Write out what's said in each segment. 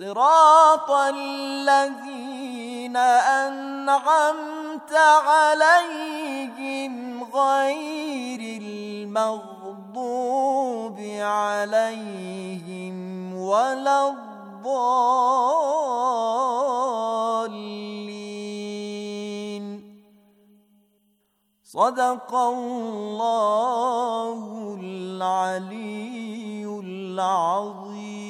صراط الذين أنعمت عليهم غير المغضوب عليهم ولا الضالين صدق الله العلي العظيم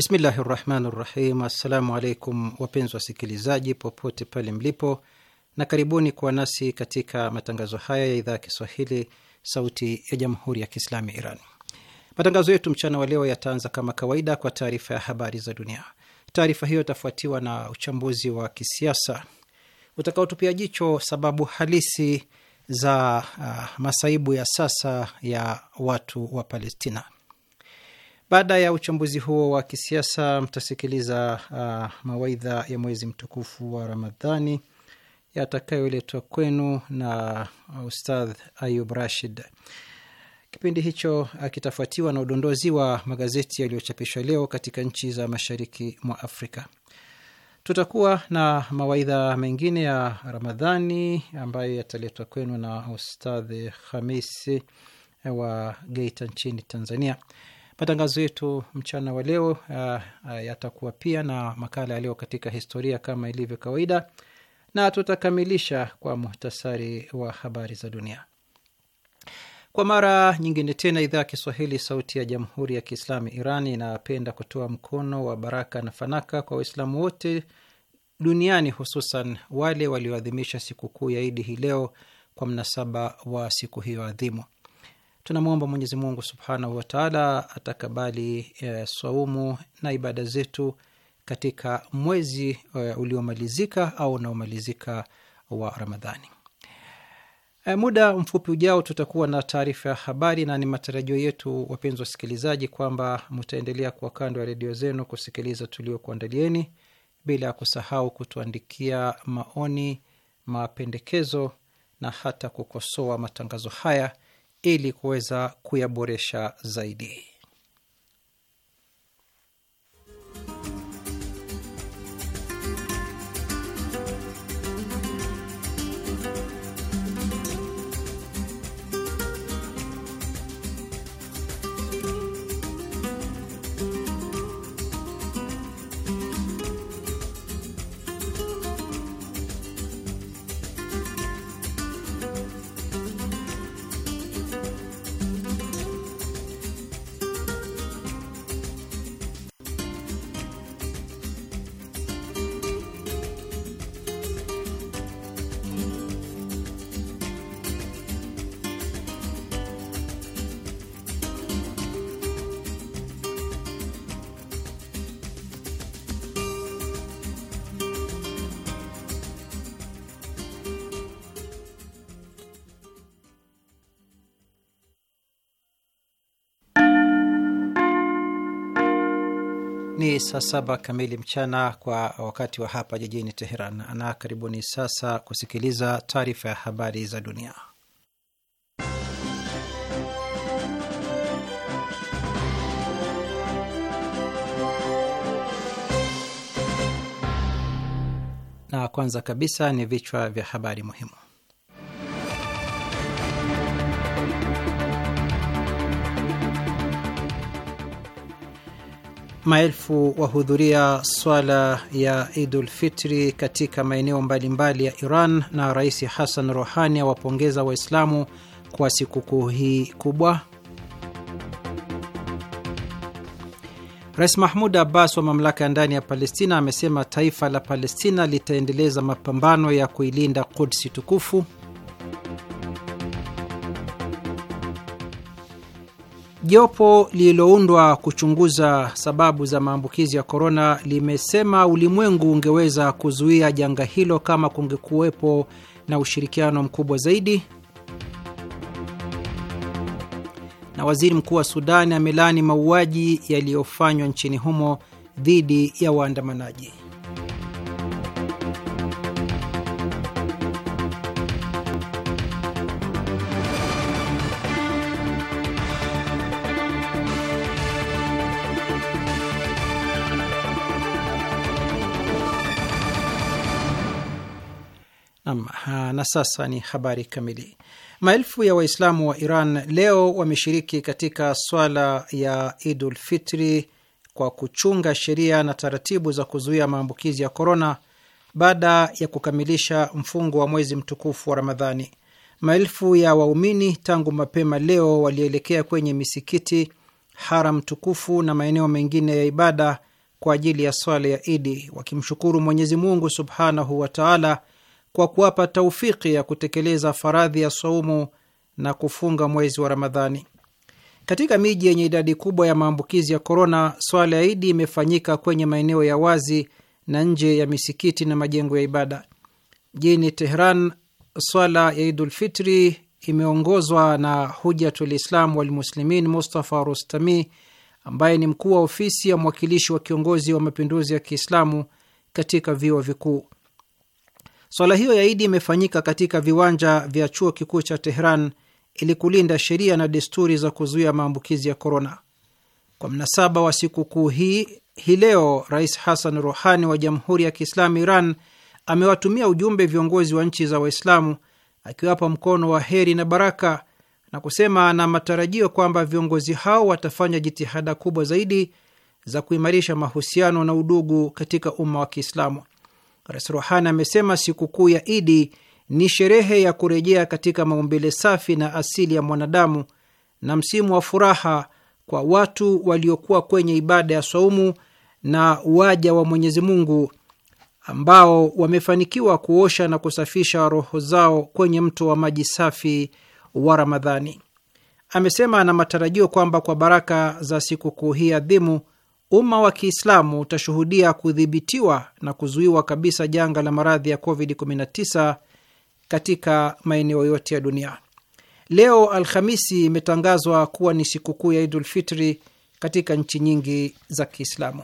Bismillahi rahmani rahim. Assalamu alaikum wapenzi wasikilizaji popote pale mlipo, na karibuni kuwa nasi katika matangazo haya ya idhaa ya Kiswahili sauti ya jamhuri ya Kiislami ya Iran. Matangazo yetu mchana wa leo yataanza kama kawaida kwa taarifa ya habari za dunia. Taarifa hiyo itafuatiwa na uchambuzi wa kisiasa utakaotupia jicho sababu halisi za uh, masaibu ya sasa ya watu wa Palestina. Baada ya uchambuzi huo wa kisiasa, mtasikiliza uh, mawaidha ya mwezi mtukufu wa Ramadhani yatakayoletwa kwenu na uh, Ustadh Ayub Rashid. Kipindi hicho kitafuatiwa na udondozi wa magazeti yaliyochapishwa leo katika nchi za mashariki mwa Afrika. Tutakuwa na mawaidha mengine ya Ramadhani ambayo yataletwa kwenu na Ustadh Hamisi wa Geita nchini Tanzania. Matangazo yetu mchana wa leo uh, uh, yatakuwa pia na makala ya leo katika historia kama ilivyo kawaida, na tutakamilisha kwa muhtasari wa habari za dunia. Kwa mara nyingine tena, idhaa ya Kiswahili sauti ya jamhuri ya Kiislamu Iran inapenda kutoa mkono wa baraka na fanaka kwa Waislamu wote duniani, hususan wale walioadhimisha sikukuu ya Idi hii leo kwa mnasaba wa siku hiyo adhimu. Tunamwomba Mwenyezi Mungu subhanahu wataala atakabali e, eh, saumu na ibada zetu katika mwezi e, uliomalizika au unaomalizika wa Ramadhani. E, muda mfupi ujao tutakuwa na taarifa ya habari, na ni matarajio yetu wapenzi wasikilizaji, kwamba mtaendelea kuwa kando ya redio zenu kusikiliza tuliokuandalieni, bila ya kusahau kutuandikia maoni, mapendekezo na hata kukosoa matangazo haya ili kuweza kuyaboresha zaidi. saa saba kamili mchana kwa wakati wa hapa jijini Teheran, na karibuni sasa kusikiliza taarifa ya habari za dunia. Na kwanza kabisa ni vichwa vya habari muhimu. Maelfu wahudhuria swala ya Idul Fitri katika maeneo mbalimbali ya Iran na Rais Hassan Rohani awapongeza Waislamu kwa sikukuu hii kubwa. Rais Mahmud Abbas wa mamlaka ya ndani ya Palestina amesema taifa la Palestina litaendeleza mapambano ya kuilinda Kudsi tukufu. Jopo lililoundwa kuchunguza sababu za maambukizi ya korona limesema ulimwengu ungeweza kuzuia janga hilo kama kungekuwepo na ushirikiano mkubwa zaidi. Na waziri mkuu wa Sudani amelaani mauaji yaliyofanywa nchini humo dhidi ya waandamanaji. Ha, na sasa ni habari kamili. Maelfu ya Waislamu wa Iran leo wameshiriki katika swala ya Idul Fitri kwa kuchunga sheria na taratibu za kuzuia maambukizi ya korona baada ya kukamilisha mfungo wa mwezi mtukufu wa Ramadhani. Maelfu ya waumini tangu mapema leo walielekea kwenye misikiti, haram tukufu na maeneo mengine ya ibada kwa ajili ya swala ya Idi, wakimshukuru Mwenyezi Mungu subhanahu wa taala kwa kuwapa taufiki ya kutekeleza faradhi ya saumu na kufunga mwezi wa Ramadhani. Katika miji yenye idadi kubwa ya maambukizi ya korona, swala ya Idi imefanyika kwenye maeneo ya wazi na nje ya misikiti na majengo ya ibada. Mjini Tehran, swala ya Idulfitri imeongozwa na Hujatul Islam Walmuslimin Mustafa rustami ambaye ni mkuu wa ofisi ya mwakilishi wa kiongozi wa mapinduzi ya Kiislamu katika vyuo vikuu. Swala hiyo ya Idi imefanyika katika viwanja vya chuo kikuu cha Tehran ili kulinda sheria na desturi za kuzuia maambukizi ya korona. Kwa mnasaba wa sikukuu hii, hii leo Rais Hassan Rohani wa Jamhuri ya Kiislamu Iran amewatumia ujumbe viongozi wa nchi za Waislamu akiwapa mkono wa heri na baraka na kusema ana matarajio kwamba viongozi hao watafanya jitihada kubwa zaidi za kuimarisha mahusiano na udugu katika umma wa Kiislamu. Rais Rohani amesema sikukuu ya Idi ni sherehe ya kurejea katika maumbile safi na asili ya mwanadamu na msimu wa furaha kwa watu waliokuwa kwenye ibada ya saumu na waja wa Mwenyezi Mungu ambao wamefanikiwa kuosha na kusafisha roho zao kwenye mto wa maji safi wa Ramadhani. Amesema ana matarajio kwamba kwa baraka za sikukuu hii adhimu umma wa Kiislamu utashuhudia kudhibitiwa na kuzuiwa kabisa janga la maradhi ya COVID-19 katika maeneo yote ya dunia. Leo Alhamisi imetangazwa kuwa ni sikukuu ya Idul Fitri katika nchi nyingi za Kiislamu.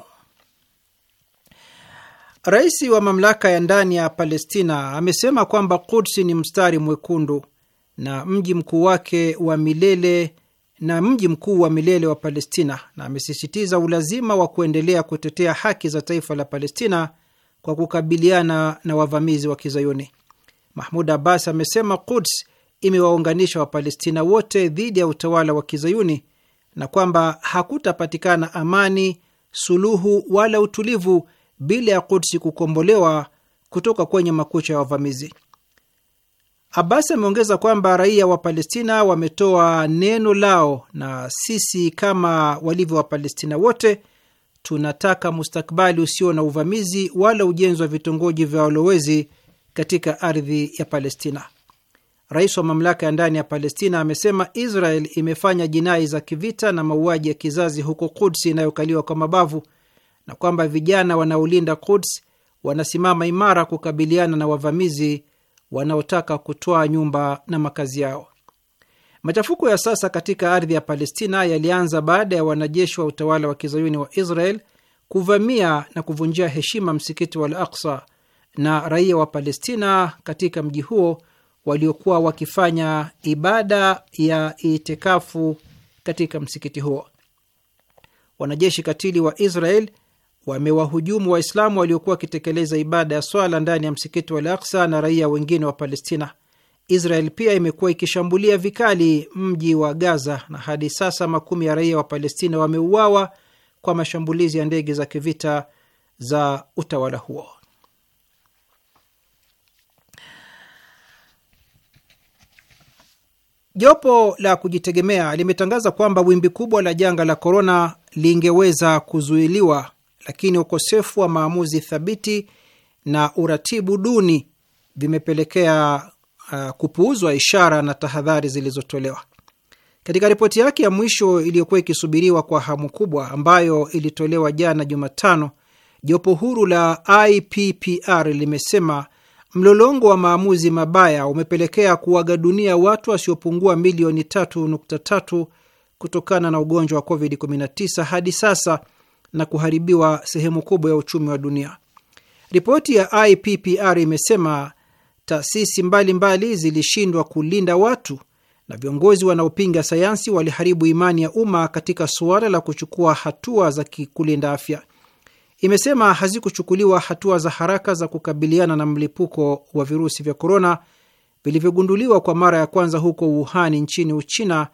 Rais wa mamlaka ya ndani ya Palestina amesema kwamba Kudsi ni mstari mwekundu na mji mkuu wake wa milele na mji mkuu wa milele wa Palestina, na amesisitiza ulazima wa kuendelea kutetea haki za taifa la Palestina kwa kukabiliana na wavamizi wa Kizayuni. Mahmud Abbas amesema Quds imewaunganisha Wapalestina wote dhidi ya utawala wa Kizayuni na kwamba hakutapatikana amani, suluhu wala utulivu bila ya Quds kukombolewa kutoka kwenye makucha ya wavamizi. Abbas ameongeza kwamba raia wa Palestina wametoa neno lao, na sisi kama walivyo Wapalestina wote tunataka mustakbali usio na uvamizi wala ujenzi wa vitongoji vya walowezi katika ardhi ya Palestina. Rais wa mamlaka ya ndani ya Palestina amesema Israel imefanya jinai za kivita na mauaji ya kizazi huko Kuds inayokaliwa kwa mabavu na kwamba vijana wanaolinda Kuds wanasimama imara kukabiliana na wavamizi wanaotaka kutoa nyumba na makazi yao. Machafuko ya sasa katika ardhi ya Palestina yalianza baada ya wanajeshi wa utawala wa kizayuni wa Israel kuvamia na kuvunjia heshima msikiti wa Al Aksa na raia wa Palestina katika mji huo waliokuwa wakifanya ibada ya itikafu katika msikiti huo. Wanajeshi katili wa Israel wamewahujumu Waislamu waliokuwa wakitekeleza ibada ya swala ndani ya msikiti wa Al-Aqsa na raia wengine wa Palestina. Israel pia imekuwa ikishambulia vikali mji wa Gaza na hadi sasa makumi ya raia wa Palestina wameuawa kwa mashambulizi ya ndege za kivita za utawala huo. Jopo la kujitegemea limetangaza kwamba wimbi kubwa la janga la korona lingeweza kuzuiliwa lakini ukosefu wa maamuzi thabiti na uratibu duni vimepelekea uh, kupuuzwa ishara na tahadhari zilizotolewa. Katika ripoti yake ya mwisho iliyokuwa ikisubiriwa kwa hamu kubwa, ambayo ilitolewa jana Jumatano, jopo huru la IPPR limesema mlolongo wa maamuzi mabaya umepelekea kuaga dunia watu wasiopungua milioni 3.3 kutokana na ugonjwa wa COVID-19 hadi sasa na kuharibiwa sehemu kubwa ya uchumi wa dunia. Ripoti ya IPPR imesema taasisi mbalimbali zilishindwa kulinda watu na viongozi wanaopinga sayansi waliharibu imani ya umma katika suala la kuchukua hatua za kulinda afya. Imesema hazikuchukuliwa hatua za haraka za kukabiliana na mlipuko wa virusi vya korona vilivyogunduliwa kwa mara ya kwanza huko Wuhan nchini Uchina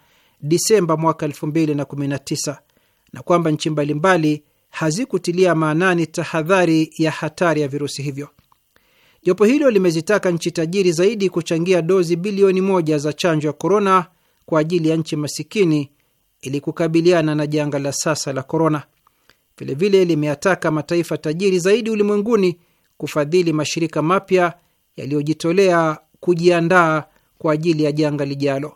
Disemba mwaka 2019 na kwamba nchi mbalimbali hazikutilia maanani tahadhari ya hatari ya virusi hivyo. Jopo hilo limezitaka nchi tajiri zaidi kuchangia dozi bilioni moja za chanjo ya korona kwa ajili ya nchi masikini ili kukabiliana na janga la sasa la korona. Vilevile limeyataka mataifa tajiri zaidi ulimwenguni kufadhili mashirika mapya yaliyojitolea kujiandaa kwa ajili ya janga lijalo.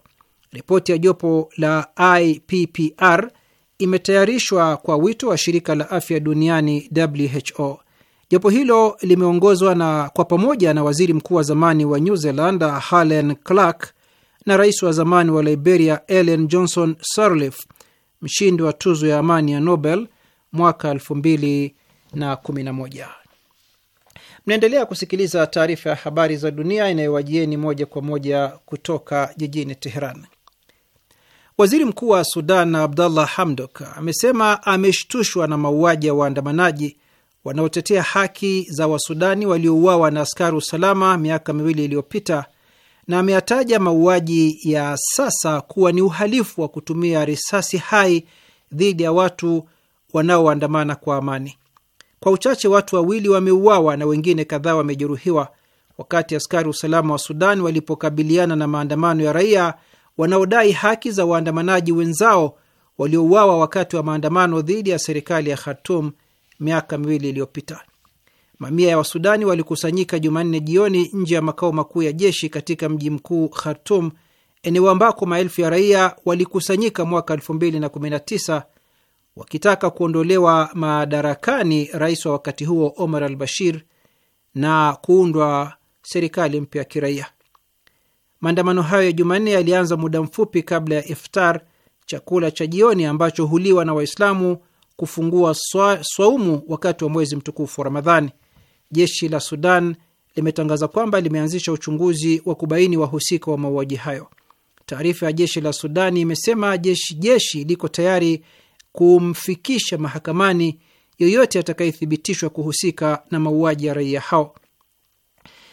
Ripoti ya jopo la IPPR imetayarishwa kwa wito wa shirika la afya duniani WHO. Jopo hilo limeongozwa na kwa pamoja na waziri mkuu wa zamani wa New Zealand Helen Clark na rais wa zamani wa Liberia Ellen Johnson Sirleaf, mshindi wa tuzo ya amani ya Nobel mwaka 2011. Mnaendelea kusikiliza taarifa ya habari za dunia inayowajieni moja kwa moja kutoka jijini Teheran. Waziri mkuu wa Sudan Abdallah Hamdok amesema ameshtushwa na mauaji ya waandamanaji wanaotetea haki za Wasudani waliouawa na askari usalama miaka miwili iliyopita na ameyataja mauaji ya sasa kuwa ni uhalifu wa kutumia risasi hai dhidi ya watu wanaoandamana kwa amani. Kwa uchache watu wawili wameuawa na wengine kadhaa wamejeruhiwa wakati askari usalama wa Sudan walipokabiliana na maandamano ya raia wanaodai haki za waandamanaji wenzao waliouawa wakati wa maandamano dhidi ya serikali ya Khartum miaka miwili iliyopita. Mamia ya Wasudani walikusanyika Jumanne jioni nje ya makao makuu ya jeshi katika mji mkuu Khartum, eneo ambako maelfu ya raia walikusanyika mwaka 2019 wakitaka kuondolewa madarakani rais wa wakati huo Omar al Bashir na kuundwa serikali mpya ya kiraia. Maandamano hayo ya Jumanne yalianza muda mfupi kabla ya iftar, chakula cha jioni ambacho huliwa na Waislamu kufungua swa, swaumu wakati wa mwezi mtukufu wa Ramadhani. Jeshi la Sudan limetangaza kwamba limeanzisha uchunguzi wa kubaini wahusika wa, wa mauaji hayo. Taarifa ya jeshi la Sudani imesema jeshi, jeshi liko tayari kumfikisha mahakamani yoyote atakayethibitishwa kuhusika na mauaji ya raia hao.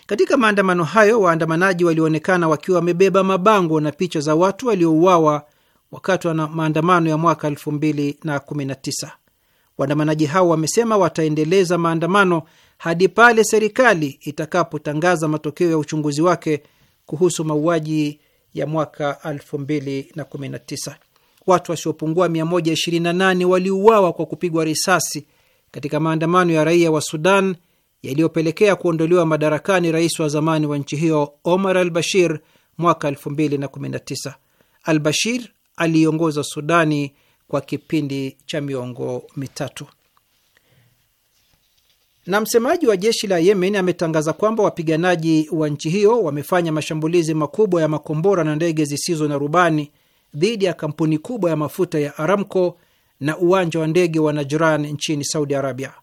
Katika maandamano hayo, waandamanaji walionekana wakiwa wamebeba mabango na picha za watu waliouawa wakati wa maandamano ya mwaka 2019. Waandamanaji hao wamesema wataendeleza maandamano hadi pale serikali itakapotangaza matokeo ya uchunguzi wake kuhusu mauaji ya mwaka 2019. Watu wasiopungua 128 waliuawa kwa kupigwa risasi katika maandamano ya raia wa Sudan yaliyopelekea kuondolewa madarakani rais wa zamani wa nchi hiyo Omar al Bashir mwaka 2019. Al Bashir aliiongoza Sudani kwa kipindi cha miongo mitatu. Na msemaji wa jeshi la Yemen ametangaza kwamba wapiganaji wa nchi hiyo wamefanya mashambulizi makubwa ya makombora na ndege zisizo na rubani dhidi ya kampuni kubwa ya mafuta ya Aramco na uwanja wa ndege wa Najran nchini Saudi Arabia.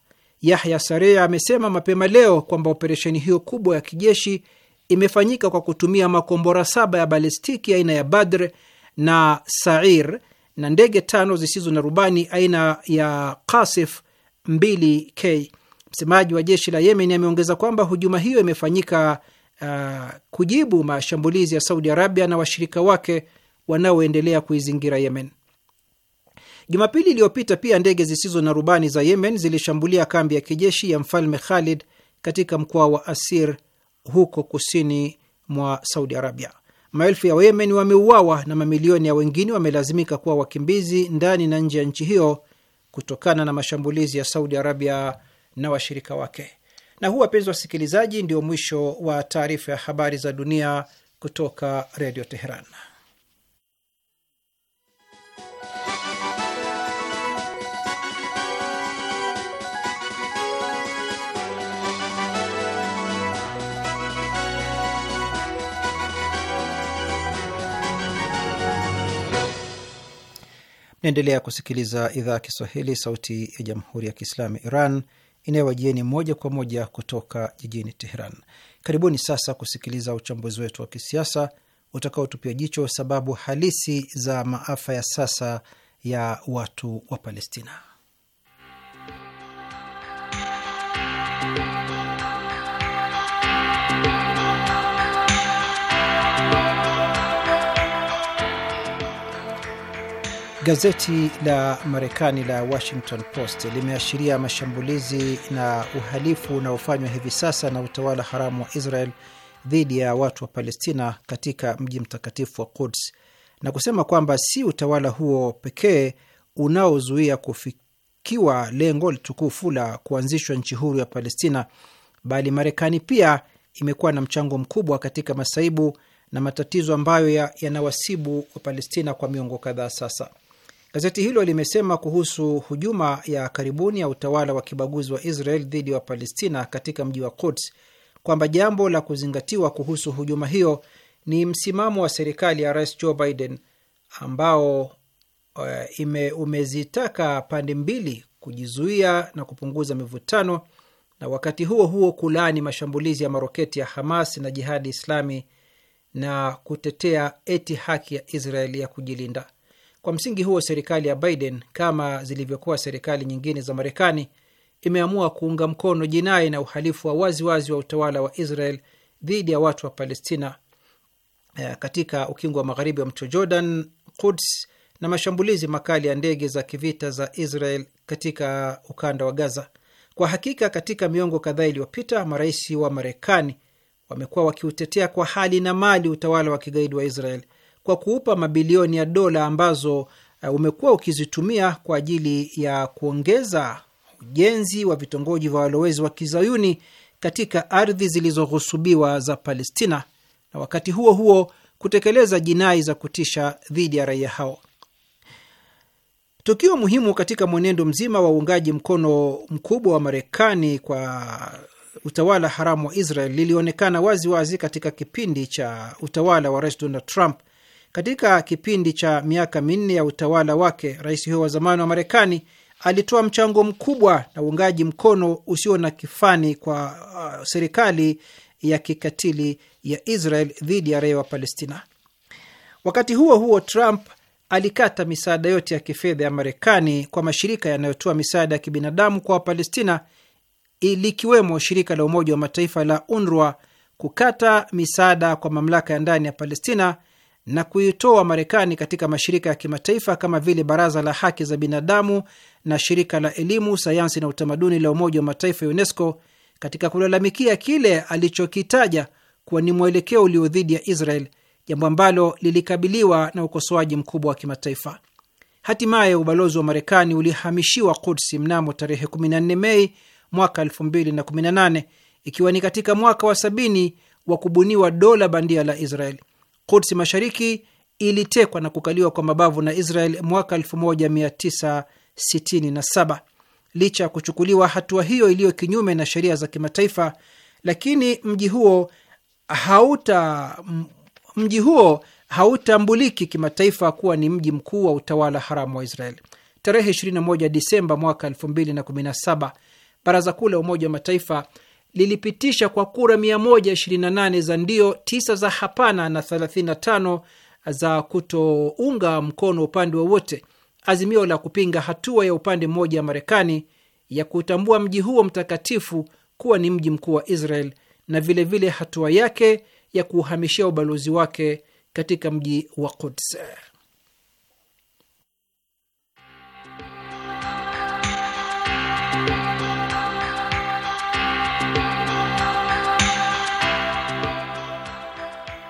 Yahya Sarea amesema mapema leo kwamba operesheni hiyo kubwa ya kijeshi imefanyika kwa kutumia makombora saba ya balistiki aina ya Badr na Sair na ndege tano zisizo na rubani aina ya Kasif 2K. Msemaji wa jeshi la Yemen ameongeza kwamba hujuma hiyo imefanyika uh, kujibu mashambulizi ya Saudi Arabia na washirika wake wanaoendelea kuizingira Yemen. Jumapili iliyopita pia ndege zisizo na rubani za Yemen zilishambulia kambi ya kijeshi ya mfalme Khalid katika mkoa wa Asir huko kusini mwa Saudi Arabia. Maelfu ya Wayemen wameuawa na mamilioni ya wengine wamelazimika kuwa wakimbizi ndani na nje ya nchi hiyo kutokana na mashambulizi ya Saudi Arabia na washirika wake. Na huu, wapenzi wa wasikilizaji, ndio mwisho wa taarifa ya habari za dunia kutoka Redio Teheran. Naendelea kusikiliza idhaa ya Kiswahili, sauti ya jamhuri ya kiislamu ya Iran inayowajieni moja kwa moja kutoka jijini Teheran. Karibuni sasa kusikiliza uchambuzi wetu wa kisiasa utakaotupia jicho sababu halisi za maafa ya sasa ya watu wa Palestina. Gazeti la Marekani la Washington Post limeashiria mashambulizi na uhalifu unaofanywa hivi sasa na utawala haramu wa Israel dhidi ya watu wa Palestina katika mji mtakatifu wa Quds na kusema kwamba si utawala huo pekee unaozuia kufikiwa lengo tukufu la kuanzishwa nchi huru ya Palestina, bali Marekani pia imekuwa na mchango mkubwa katika masaibu na matatizo ambayo yanawasibu ya palestina kwa miongo kadhaa sasa. Gazeti hilo limesema kuhusu hujuma ya karibuni ya utawala wa kibaguzi wa Israel dhidi ya wa Palestina katika mji wa Quds kwamba jambo la kuzingatiwa kuhusu hujuma hiyo ni msimamo wa serikali ya Rais Joe Biden ambao uh, ime, umezitaka pande mbili kujizuia na kupunguza mivutano na wakati huo huo kulaani mashambulizi ya maroketi ya Hamas na Jihadi Islami na kutetea eti haki ya israel ya kujilinda. Kwa msingi huo, serikali ya Biden kama zilivyokuwa serikali nyingine za Marekani imeamua kuunga mkono jinai na uhalifu wa waziwazi wazi wa utawala wa Israel dhidi ya watu wa Palestina eh, katika ukingo wa magharibi wa mto Jordan, Quds na mashambulizi makali ya ndege za kivita za Israel katika ukanda wa Gaza. Kwa hakika, katika miongo kadhaa iliyopita, marais wa Marekani wamekuwa wakiutetea kwa hali na mali utawala wa kigaidi wa Israel kwa kuupa mabilioni ya dola ambazo uh, umekuwa ukizitumia kwa ajili ya kuongeza ujenzi wa vitongoji vya walowezi wa kizayuni katika ardhi zilizoghusubiwa za Palestina na wakati huo huo kutekeleza jinai za kutisha dhidi ya raia hao. Tukio muhimu katika mwenendo mzima wa uungaji mkono mkubwa wa Marekani kwa utawala haramu wa Israel lilionekana waziwazi wazi katika kipindi cha utawala wa Rais Donald Trump katika kipindi cha miaka minne ya utawala wake, rais huyo wa zamani wa Marekani alitoa mchango mkubwa na uungaji mkono usio na kifani kwa uh, serikali ya kikatili ya Israel dhidi ya raia wa Palestina. Wakati huo huo, Trump alikata misaada yote ya kifedha ya Marekani kwa mashirika yanayotoa misaada ya kibinadamu kwa Wapalestina, likiwemo shirika la Umoja wa Mataifa la UNRWA, kukata misaada kwa mamlaka ya ndani ya Palestina na kuitoa Marekani katika mashirika ya kimataifa kama vile Baraza la Haki za Binadamu na Shirika la Elimu, Sayansi na Utamaduni la Umoja wa Mataifa ya UNESCO katika kulalamikia kile alichokitaja kuwa ni mwelekeo ulio dhidi ya Israel, jambo ambalo lilikabiliwa na ukosoaji mkubwa wa kimataifa. Hatimaye ubalozi wa Marekani ulihamishiwa Kudsi mnamo tarehe 14 Mei mwaka 2018 ikiwa ni katika mwaka wa sabini wa kubuniwa dola bandia la Israel. Kudsi Mashariki ilitekwa na kukaliwa kwa mabavu na Israel mwaka 1967. Licha ya kuchukuliwa hatua hiyo iliyo kinyume na sheria za kimataifa, lakini mji huo hauta mji huo hautambuliki kimataifa kuwa ni mji mkuu wa utawala haramu wa Israel. Tarehe 21 Disemba mwaka 2017 Baraza Kuu la Umoja wa Mataifa lilipitisha kwa kura 128 za ndio, 9 za hapana na 35 za kutounga mkono upande wowote azimio la kupinga hatua ya upande mmoja wa Marekani ya kutambua mji huo mtakatifu kuwa ni mji mkuu wa Israel na vilevile vile hatua yake ya kuuhamishia ubalozi wake katika mji wa Quds.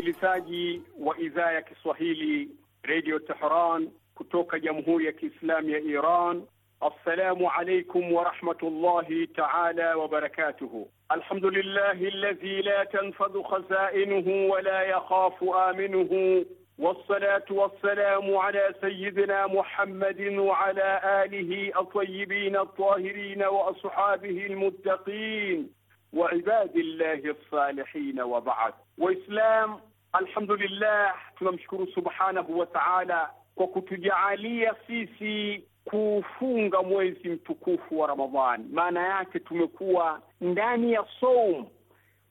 Msikilizaji wa idhaa ya Kiswahili redio Tehran kutoka jamhuri ya Kiislamu ya Iran, assalamu alaikum warahmatullahi taala wabarakatuhu. Alhamdulillahi alladhi la tanfadhu khazainuhu wala yakhafu aminuhu wassalatu wassalamu ala sayyidina Muhammadin wa ala alihi atayibin atahirin wa ashabihi almuttaqin wa ibadillahi assalihin wa ba'd. Waislam Alhamdulillah, tunamshukuru subhanahu wa taala kwa kutujaalia sisi kufunga mwezi mtukufu wa Ramadhani. Maana yake tumekuwa ndani ya soum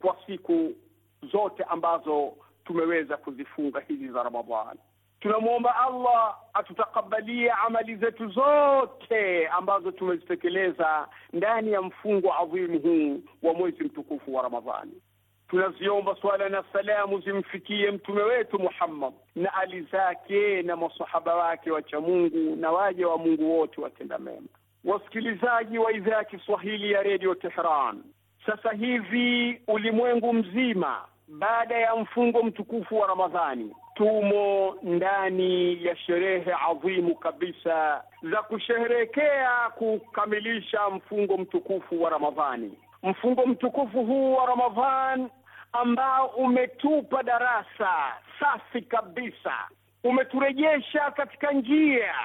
kwa siku zote ambazo tumeweza kuzifunga hizi za Ramadhani. Tunamwomba Allah atutakabalie amali zetu zote ambazo tumezitekeleza ndani ya mfungo adhimu huu wa mwezi mtukufu wa Ramadhani tunaziomba swala na salamu zimfikie mtume wetu Muhammad na ali zake na masahaba wake wacha Mungu na waja wa Mungu wote watenda mema. Wasikilizaji wa idhaa ya Kiswahili ya redio Tehran, sasa hivi ulimwengu mzima baada ya mfungo mtukufu wa Ramadhani tumo ndani ya sherehe adhimu kabisa za kusherehekea kukamilisha mfungo mtukufu wa Ramadhani. Mfungo mtukufu huu wa Ramadhani ambao umetupa darasa safi kabisa, umeturejesha katika njia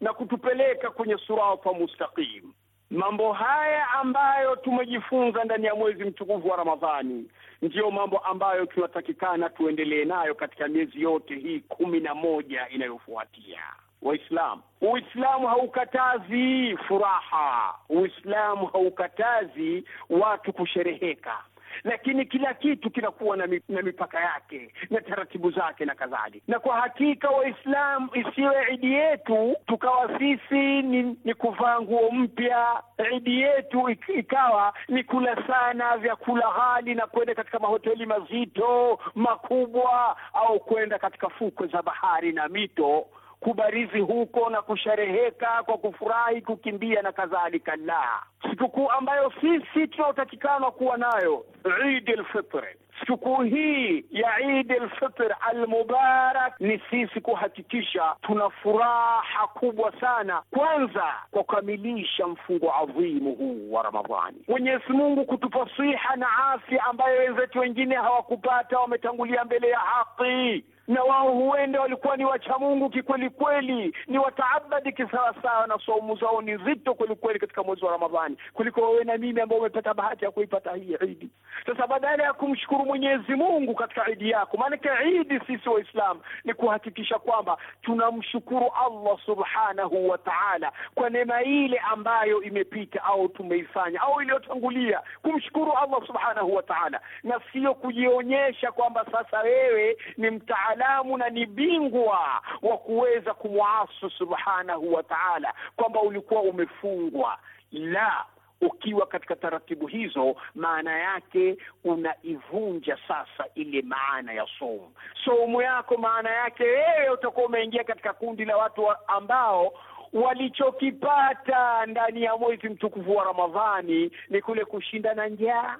na kutupeleka kwenye surata mustaqim. Mambo haya ambayo tumejifunza ndani ya mwezi mtukufu wa Ramadhani ndiyo mambo ambayo tunatakikana tuendelee nayo katika miezi yote hii kumi na moja inayofuatia. Waislam, Uislamu haukatazi furaha, Uislamu haukatazi watu kushereheka lakini kila kitu kinakuwa na, mi, na mipaka yake na taratibu zake na kadhalika. Na kwa hakika Waislamu, isiwe idi yetu tukawa sisi ni, ni kuvaa nguo mpya, idi yetu ikawa ni kula sana vyakula ghali na kwenda katika mahoteli mazito makubwa, au kwenda katika fukwe za bahari na mito kubarizi huko na kushereheka kwa kufurahi, kukimbia na kadhalika. La, sikukuu ambayo sisi tunaotakikana kuwa nayo Eid al-Fitr siku hii ya Idi Lfitr Almubarak ni sisi kuhakikisha tuna furaha kubwa sana, kwanza kwa kukamilisha mfungo adhimu huu wa Ramadhani. Mwenyezi Mungu kutupa siha na afya ambayo wenzetu wengine hawakupata, wametangulia mbele ya haki na wao huenda walikuwa ni wacha Mungu kikweli kweli, ni wataabadi kisawasawa, na saumu zao ni zito kweli kweli katika mwezi wa Ramadhani kuliko wewe na mimi ambao umepata bahati ya kuipata hii Idi. Sasa badala ya kumshukuru Mwenyezi Mungu katika idi yako. Maanake idi sisi Waislamu ni kuhakikisha kwamba tunamshukuru Allah subhanahu wa ta'ala kwa neema ile ambayo imepita au tumeifanya au iliyotangulia, kumshukuru Allah subhanahu wa ta'ala, na sio kujionyesha kwamba sasa wewe ni mtaalamu na ni bingwa wa kuweza kumwasu subhanahu wa ta'ala, kwamba ulikuwa umefungwa la ukiwa katika taratibu hizo, maana yake unaivunja sasa ile maana ya somu somu yako maana yake wewe utakuwa umeingia katika kundi la watu ambao walichokipata ndani ya mwezi mtukufu wa Ramadhani ni kule kushinda na njaa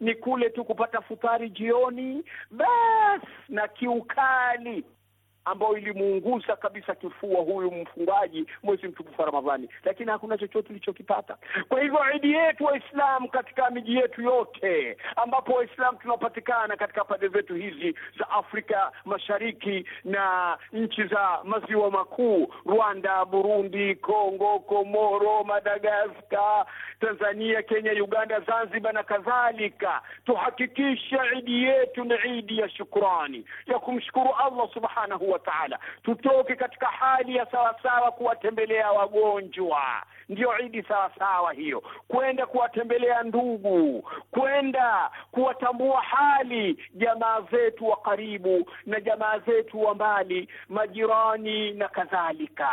ni kule tu kupata futari jioni basi na kiukali ambayo ilimuunguza kabisa kifua huyu mfungaji mwezi mtukufu wa Ramadhani, lakini hakuna chochote ulichokipata Kwa hivyo idi yetu waislam katika miji yetu yote ambapo waislam tunapatikana katika pande zetu hizi za Afrika Mashariki na nchi za maziwa makuu, Rwanda, Burundi, Kongo, Komoro, Madagaskar, Tanzania, Kenya, Uganda, Zanzibar na kadhalika, tuhakikishe idi yetu ni idi ya shukrani ya kumshukuru Allah subhanahu wa taala, tutoke katika hali ya sawasawa kuwatembelea wagonjwa ndio Idi sawasawa hiyo, kwenda kuwatembelea ndugu, kwenda kuwatambua hali jamaa zetu wa karibu na jamaa zetu wa mbali, majirani na kadhalika.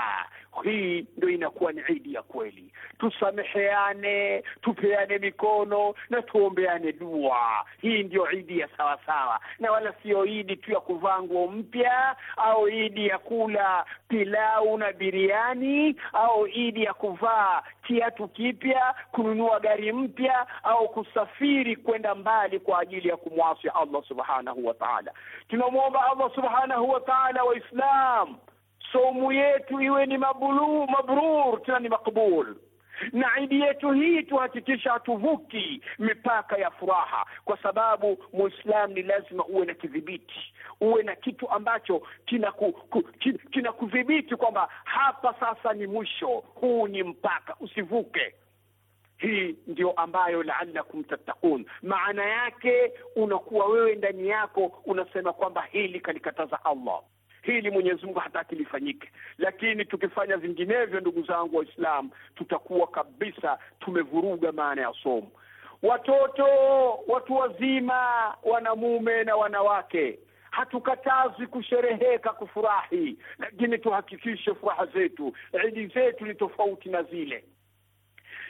Hii ndio inakuwa ni Idi ya kweli. Tusameheane, tupeane mikono na tuombeane dua. Hii ndio Idi ya sawasawa, na wala sio Idi tu ya kuvaa nguo mpya au Idi ya kula pilau na biriani au Idi ya kuvaa kuvaa kiatu kipya, kununua gari mpya, au kusafiri kwenda mbali kwa ajili ya kumwasi Allah subhanahu wa ta'ala. Tunamwomba Allah subhanahu wa ta'ala, Waislamu somu yetu iwe ni mabulu mabrur, tena ni makbul na idi yetu hii tuhakikisha hatuvuki mipaka ya furaha, kwa sababu muislamu ni lazima uwe na kidhibiti, uwe na kitu ambacho kinakudhibiti ku, kwamba hapa sasa ni mwisho, huu ni mpaka, usivuke. Hii ndio ambayo laalakum tattaqun, maana yake unakuwa wewe ndani yako unasema kwamba hili kalikataza Allah Hili Mwenyezi Mungu hataki lifanyike, lakini tukifanya vinginevyo, ndugu zangu Waislamu, tutakuwa kabisa tumevuruga maana ya somo. Watoto, watu wazima, wanamume na wanawake hatukatazi kushereheka, kufurahi, lakini tuhakikishe furaha zetu, idi zetu ni tofauti na zile.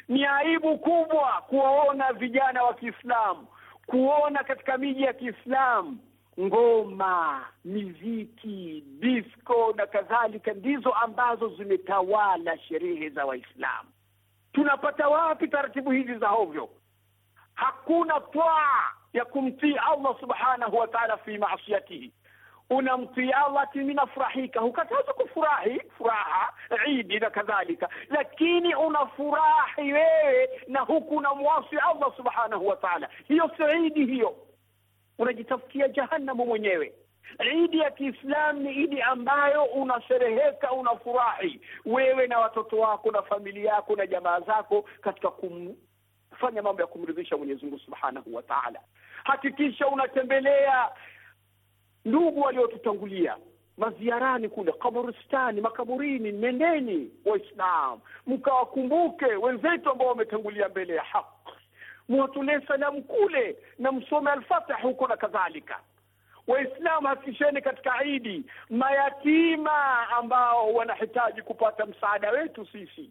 Ni aibu kubwa kuwaona vijana wa Kiislamu, kuona katika miji ya Kiislamu ngoma, miziki, disco na kadhalika ndizo ambazo zimetawala sherehe za Waislamu. Tunapata wapi taratibu hizi za hovyo? Hakuna twaa ya kumtii Allah subhanahu wa ta'ala fi maasiyatihi. Unamtii Allah ati minafurahika, hukataza kufurahi furaha idi na kadhalika, lakini unafurahi wewe na huku unamwasi Allah subhanahu wa ta'ala, hiyo si idi hiyo unajitafutia jahanamu mwenyewe. Idi ya Kiislamu ni idi ambayo unashereheka, unafurahi wewe na watoto wako na familia yako na jamaa zako katika kufanya mambo ya kumridhisha Mwenyezi Mungu Subhanahu wa Ta'ala. Hakikisha unatembelea ndugu waliotutangulia maziarani kule kaburistani, makaburini, nendeni Waislamu mkawakumbuke wenzetu ambao wametangulia mbele ya haki muwatolee salamu kule na msome Alfatah huko na kadhalika. Waislamu hakikisheni katika Idi mayatima ambao wanahitaji kupata msaada wetu sisi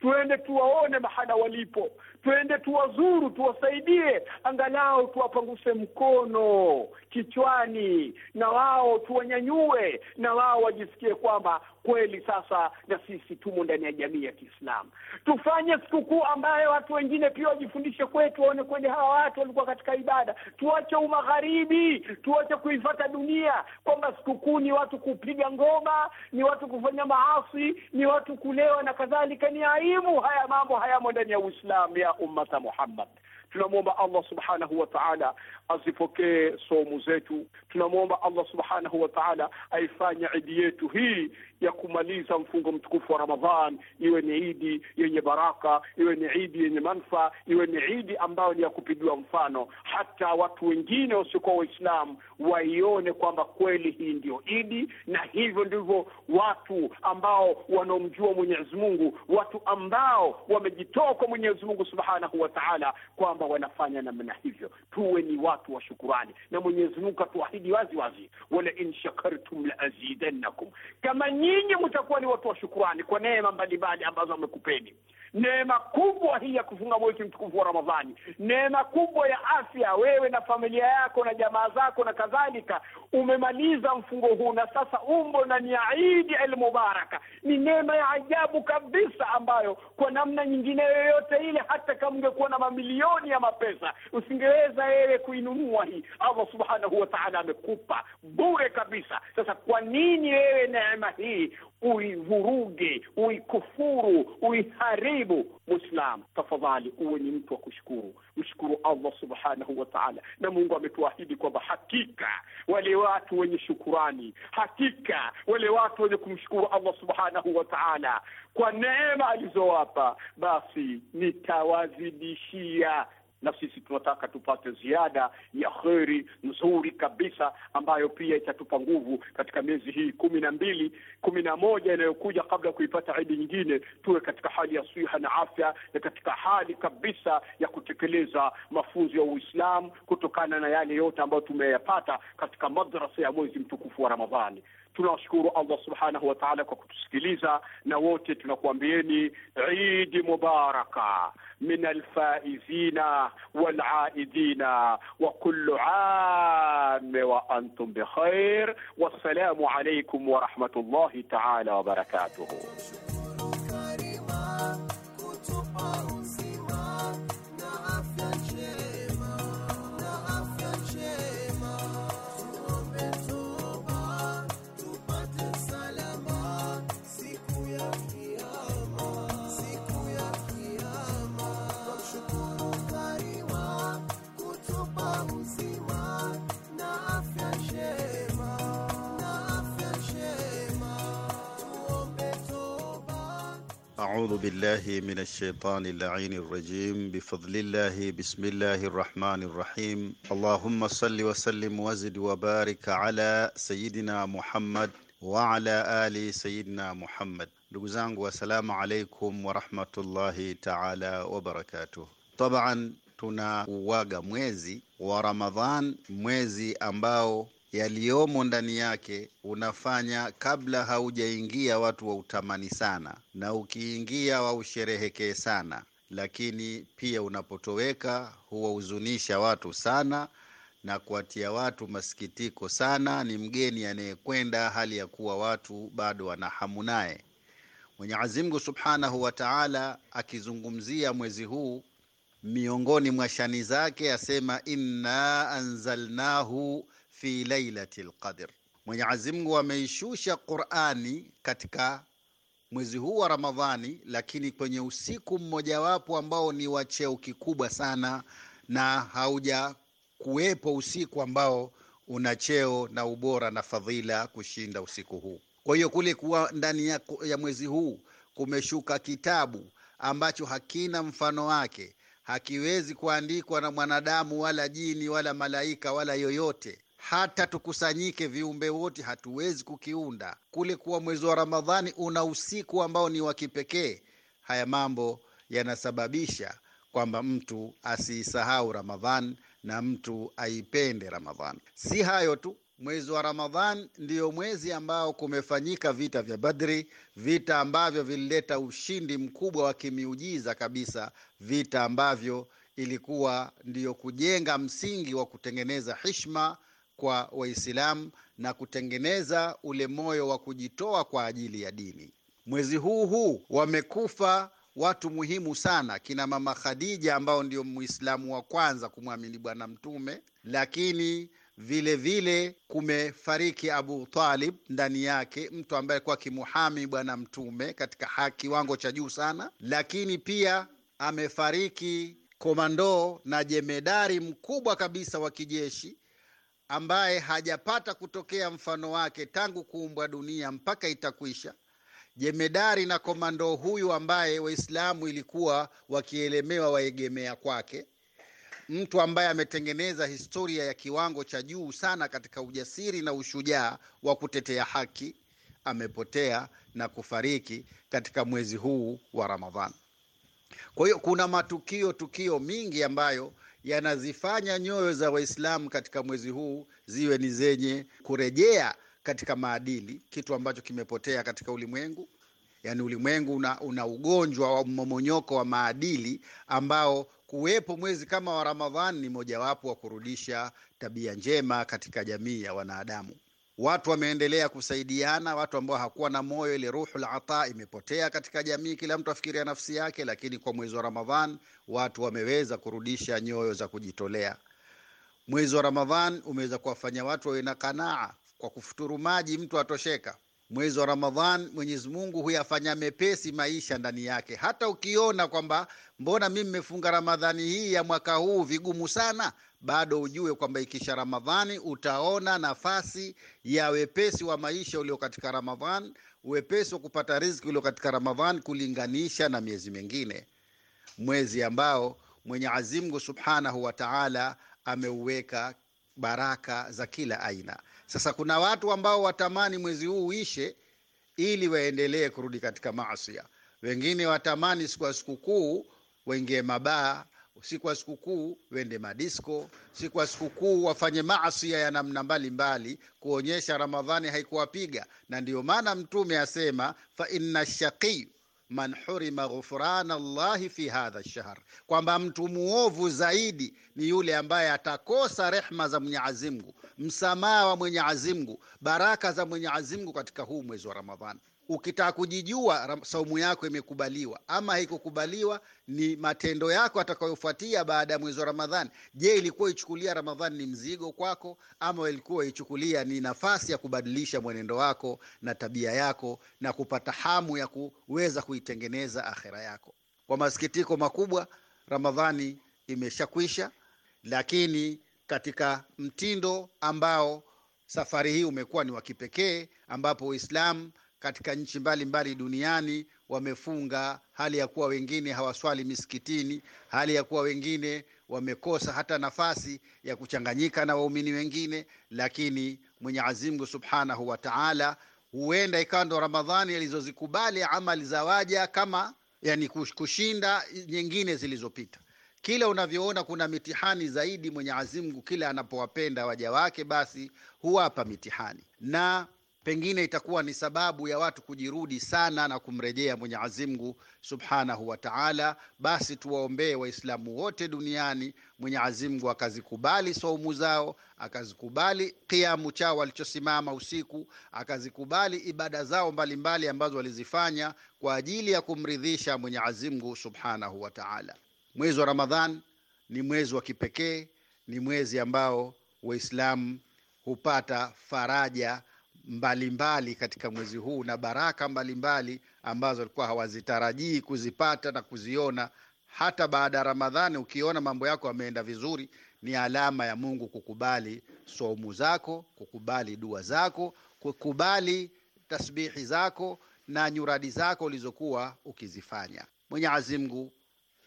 tuende tuwaone mahala walipo, tuende tuwazuru, tuwasaidie, angalau tuwapanguse mkono kichwani, na wao tuwanyanyue, na wao wajisikie kwamba kweli sasa na sisi tumo ndani ya jamii ya Kiislamu. Tufanye sikukuu ambayo watu wengine pia wajifundishe kwetu, waone kweli hawa watu walikuwa katika ibada. Tuache umagharibi, tuache kuifata dunia kwamba sikukuu ni watu kupiga ngoma, ni watu kufanya maasi, ni watu kulewa na kadhalika. Ni aibu, haya mambo hayamo ndani ya Uislamu ya ummata Muhammad. Tunamwomba Allah subhanahu wa ta'ala azipokee somu zetu, tunamwomba Allah subhanahu wa ta'ala aifanye idi yetu hii ya kumaliza mfungo mtukufu wa Ramadhan iwe ni idi yenye baraka, iwe ni idi yenye manufaa, iwe ni idi ambayo ni ya kupigiwa mfano, hata watu wengine wasiokuwa Waislamu waione kwamba kweli hii ndio idi, na hivyo ndivyo watu ambao wanaomjua Mwenyezi Mungu, watu ambao wamejitoa kwa Mwenyezi Mungu subhanahu wa ta'ala, kwamba wanafanya namna hivyo. Tuwe ni watu wa shukurani, na Mwenyezi Mungu katuahidi ameahidi wazi wazi, wala in shakartum la azidannakum, kama nyinyi mtakuwa ni watu wa shukurani kwa neema mbalimbali ambazo amekupeni neema kubwa hii ya kufunga mwezi mtukufu wa Ramadhani, neema kubwa ya afya, wewe na familia yako na jamaa zako na kadhalika, umemaliza mfungo huu na sasa umbo na ni Idi al-Mubaraka. Ni neema ya ajabu kabisa, ambayo kwa namna nyingine yoyote ile, hata kama ungekuwa na mamilioni ya mapesa usingeweza wewe kuinunua hii. Allah subhanahu wa ta'ala amekupa bure kabisa. Sasa kwa nini wewe neema hii uivuruge, uikufuru, uiharibu Muislam, tafadhali uwe ni mtu wa kushukuru. Mshukuru Allah subhanahu wa ta'ala, na Mungu ametuahidi kwamba hakika wale watu wenye shukurani, hakika wale watu wenye kumshukuru Allah subhanahu wa ta'ala kwa neema alizowapa, basi nitawazidishia na sisi tunataka tupate ziada ya kheri nzuri kabisa ambayo pia itatupa nguvu katika miezi hii kumi na mbili kumi na moja inayokuja kabla ya kuipata idi nyingine, tuwe katika hali ya siha na afya na katika hali kabisa ya kutekeleza mafunzo ya Uislamu kutokana na yale yote ambayo tumeyapata katika madrasa ya mwezi mtukufu wa Ramadhani. tunashukuru Allah subhanahu wa ta'ala kwa kutusikiliza, na wote tunakuambieni idi mubaraka min alfaizina walaidina wa kullu aam wa antum bikhair. Wassalamu alaykum wa rahmatullahi ta'ala wa barakatuh. أعوذ بالله من الشيطان اللعين الرجيم بفضل الله بسم الله الرحمن الرحيم اللهم صل وسلم وزد وبارك على سيدنا محمد وعلى آل سيدنا محمد ndugu zangu wasalamu alaikum الله taala wabarakatuh taban tunauaga mwezi wa ramadhan mwezi ambao yaliyomo ndani yake unafanya kabla haujaingia, watu wa utamani sana, na ukiingia wausherehekee sana, lakini pia unapotoweka huwahuzunisha watu sana na kuwatia watu masikitiko sana. Ni mgeni anayekwenda hali ya kuwa watu bado wana hamu naye. Mwenyezi Mungu Subhanahu wa Ta'ala akizungumzia mwezi huu, miongoni mwa shani zake asema, inna anzalnahu fi lailati qadr. Mwenyezi Mungu ameishusha Qur'ani katika mwezi huu wa Ramadhani, lakini kwenye usiku mmojawapo ambao ni wa cheo kikubwa sana na hauja kuwepo usiku ambao una cheo na ubora na fadhila kushinda usiku huu. Kwa hiyo kule kuwa ndani ya, ya mwezi huu kumeshuka kitabu ambacho hakina mfano wake, hakiwezi kuandikwa na mwanadamu wala jini wala malaika wala yoyote, hata tukusanyike viumbe wote hatuwezi kukiunda. Kule kuwa mwezi wa Ramadhani una usiku ambao ni wa kipekee. Haya mambo yanasababisha kwamba mtu asiisahau Ramadhan na mtu aipende Ramadhan. Si hayo tu, mwezi wa Ramadhan ndiyo mwezi ambao kumefanyika vita vya Badri, vita ambavyo vilileta ushindi mkubwa wa kimiujiza kabisa, vita ambavyo ilikuwa ndiyo kujenga msingi wa kutengeneza hishma kwa Waislamu na kutengeneza ule moyo wa kujitoa kwa ajili ya dini. Mwezi huu huu wamekufa watu muhimu sana, kina mama Khadija ambao ndio Muislamu wa kwanza kumwamini Bwana Mtume, lakini vile vile kumefariki Abu Talib ndani yake, mtu ambaye alikuwa kimuhami Bwana Mtume katika kiwango cha juu sana, lakini pia amefariki komando na jemedari mkubwa kabisa wa kijeshi ambaye hajapata kutokea mfano wake tangu kuumbwa dunia mpaka itakwisha, jemedari na komando huyu ambaye Waislamu ilikuwa wakielemewa waegemea kwake, mtu ambaye ametengeneza historia ya kiwango cha juu sana katika ujasiri na ushujaa wa kutetea haki, amepotea na kufariki katika mwezi huu wa Ramadhani. Kwa hiyo kuna matukio tukio mingi ambayo yanazifanya nyoyo za Waislamu katika mwezi huu ziwe ni zenye kurejea katika maadili, kitu ambacho kimepotea katika ulimwengu. Yani ulimwengu una, una ugonjwa wa mmomonyoko wa maadili ambao kuwepo mwezi kama wa Ramadhani ni mojawapo wa kurudisha tabia njema katika jamii ya wanadamu watu wameendelea kusaidiana, watu ambao hakuwa na moyo, ile ruhu la ata imepotea katika jamii, kila mtu afikiria nafsi yake. Lakini kwa mwezi wa Ramadhan watu wameweza kurudisha nyoyo za kujitolea. Mwezi wa Ramadhan umeweza kuwafanya watu wawe na kanaa. Kwa kufuturu maji mtu atosheka. Mwezi wa Ramadhan Mwenyezi Mungu huyafanya mepesi maisha ndani yake. Hata ukiona kwamba mbona mimi mmefunga Ramadhani hii ya mwaka huu vigumu sana, bado ujue kwamba ikisha Ramadhani utaona nafasi ya wepesi wa maisha ulio katika Ramadhani, wepesi wa kupata riziki ulio katika Ramadhani kulinganisha na miezi mingine, mwezi ambao Mwenyezi Mungu Subhanahu wa Ta'ala ameuweka baraka za kila aina. Sasa kuna watu ambao watamani mwezi huu uishe ili waendelee kurudi katika maasi, wengine watamani siku ya sikukuu waingie mabaa siku ya sikukuu wende madisko, siku ya sikukuu wafanye maasia ya namna mbalimbali, kuonyesha Ramadhani haikuwapiga. Na ndiyo maana Mtume asema fa inna shaqi man hurima ghufrana llahi fi hadha lshahr, kwamba mtu muovu zaidi ni yule ambaye atakosa rehma za Mwenyezi Mungu, msamaha wa Mwenyezi Mungu, baraka za Mwenyezi Mungu katika huu mwezi wa Ramadhani ukitaka kujijua saumu yako imekubaliwa ama haikukubaliwa, ni matendo yako atakayofuatia baada ya mwezi wa Ramadhani. Je, ilikuwa ichukulia Ramadhani ni mzigo kwako, ama ilikuwa ichukulia ni nafasi ya kubadilisha mwenendo wako na tabia yako na kupata hamu ya kuweza kuitengeneza akhera yako? Kwa masikitiko makubwa, Ramadhani imeshakwisha, lakini katika mtindo ambao safari hii umekuwa ni wa kipekee, ambapo Uislamu katika nchi mbalimbali duniani wamefunga, hali ya kuwa wengine hawaswali misikitini, hali ya kuwa wengine wamekosa hata nafasi ya kuchanganyika na waumini wengine. Lakini Mwenyezi Mungu Subhanahu wa Ta'ala, huenda ikawa ndo Ramadhani alizozikubali amali za waja kama yani kushinda nyingine zilizopita. Kila unavyoona kuna mitihani zaidi, Mwenyezi Mungu kila anapowapenda waja wake basi huwapa mitihani na pengine itakuwa ni sababu ya watu kujirudi sana na kumrejea Mwenyezi Mungu Subhanahu wa Ta'ala. Basi tuwaombee Waislamu wote duniani, Mwenyezi Mungu akazikubali saumu zao, akazikubali kiamu chao walichosimama usiku, akazikubali ibada zao mbalimbali mbali ambazo walizifanya kwa ajili ya kumridhisha Mwenyezi Mungu Subhanahu wa Ta'ala. Mwezi wa Ramadhan ni mwezi wa kipekee, ni mwezi ambao Waislamu hupata faraja mbalimbali mbali katika mwezi huu na baraka mbalimbali mbali ambazo walikuwa hawazitarajii kuzipata na kuziona hata baada ya Ramadhani. Ukiona mambo yako yameenda vizuri, ni alama ya Mungu kukubali somu zako, kukubali dua zako, kukubali tasbihi zako na nyuradi zako ulizokuwa ukizifanya. mwenye Mungu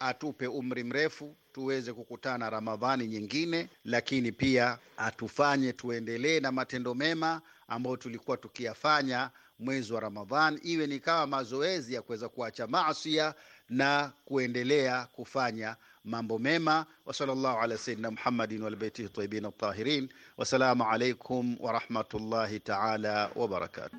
atupe umri mrefu tuweze kukutana Ramadhani nyingine, lakini pia atufanye tuendelee na matendo mema ambayo tulikuwa tukiyafanya mwezi wa Ramadhani, iwe ni kama mazoezi ya kuweza kuacha maasia na kuendelea kufanya mambo mema. wa sallallahu ala sayyidina Muhammadin wa albaitihi tayyibin at-tahirin. Wassalamu alaikum warahmatullahi taala wabarakatuh.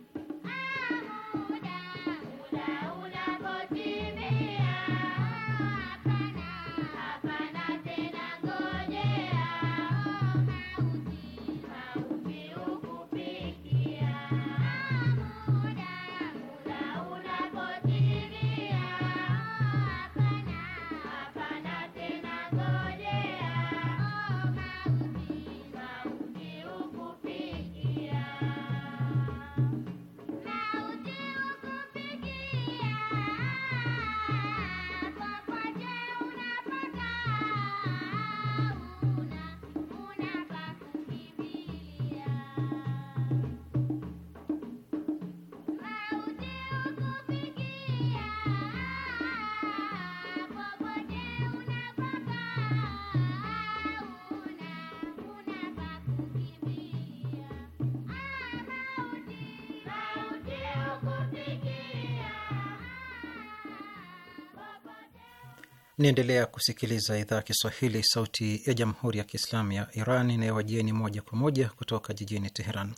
Mnaendelea kusikiliza idhaa ya Kiswahili, sauti ya jamhuri ya kiislamu ya Iran inayowajieni moja kwa moja kutoka jijini Teheran.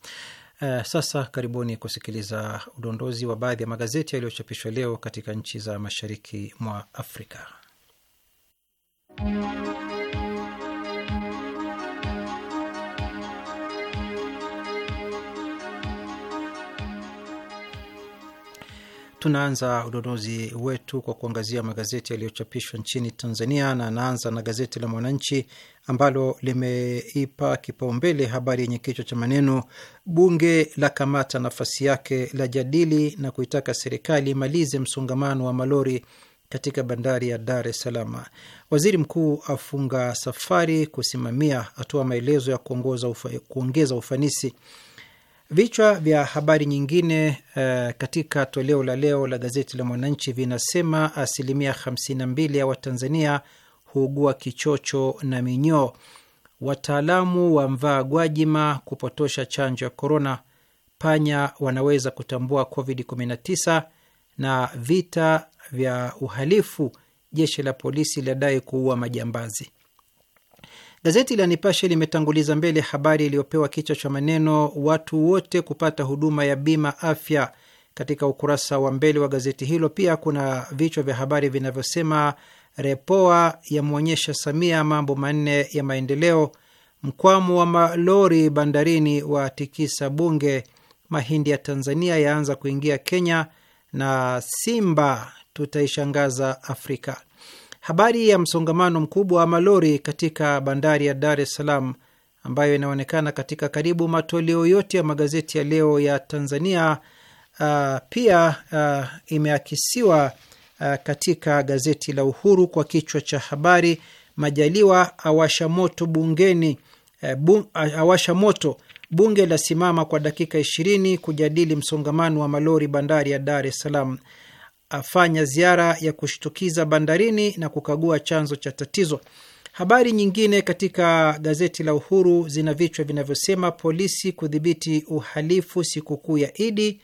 Uh, sasa karibuni kusikiliza udondozi wa baadhi ya magazeti yaliyochapishwa leo katika nchi za mashariki mwa Afrika. Tunaanza udondozi wetu kwa kuangazia magazeti yaliyochapishwa nchini Tanzania, na anaanza na gazeti la Mwananchi ambalo limeipa kipaumbele habari yenye kichwa cha maneno bunge la kamata nafasi yake la jadili na kuitaka serikali imalize msongamano wa malori katika bandari ya Dar es Salaam. Waziri mkuu afunga safari kusimamia, atoa maelezo ya kuongoza ufa, kuongeza ufanisi Vichwa vya habari nyingine uh, katika toleo la leo la gazeti la Mwananchi vinasema asilimia 52 ya Watanzania huugua kichocho na minyoo, wataalamu wamvaa Gwajima kupotosha chanjo ya korona, panya wanaweza kutambua COVID-19 na vita vya uhalifu, jeshi la polisi ladai kuua majambazi. Gazeti la Nipashe limetanguliza mbele habari iliyopewa kichwa cha maneno watu wote kupata huduma ya bima afya. Katika ukurasa wa mbele wa gazeti hilo pia kuna vichwa vya habari vinavyosema Repoa yamwonyesha Samia mambo manne ya maendeleo, mkwamo wa malori bandarini wa tikisa bunge, mahindi ya Tanzania yaanza kuingia Kenya, na Simba tutaishangaza Afrika. Habari ya msongamano mkubwa wa malori katika bandari ya Dar es Salaam ambayo inaonekana katika karibu matoleo yote ya magazeti ya leo ya Tanzania uh, pia uh, imeakisiwa uh, katika gazeti la Uhuru kwa kichwa cha habari Majaliwa awasha moto bungeni, uh, eh, bung, awasha moto bunge la simama kwa dakika ishirini kujadili msongamano wa malori bandari ya Dar es Salaam afanya ziara ya kushtukiza bandarini na kukagua chanzo cha tatizo. Habari nyingine katika gazeti la Uhuru zina vichwa vinavyosema: polisi kudhibiti uhalifu sikukuu ya Idi,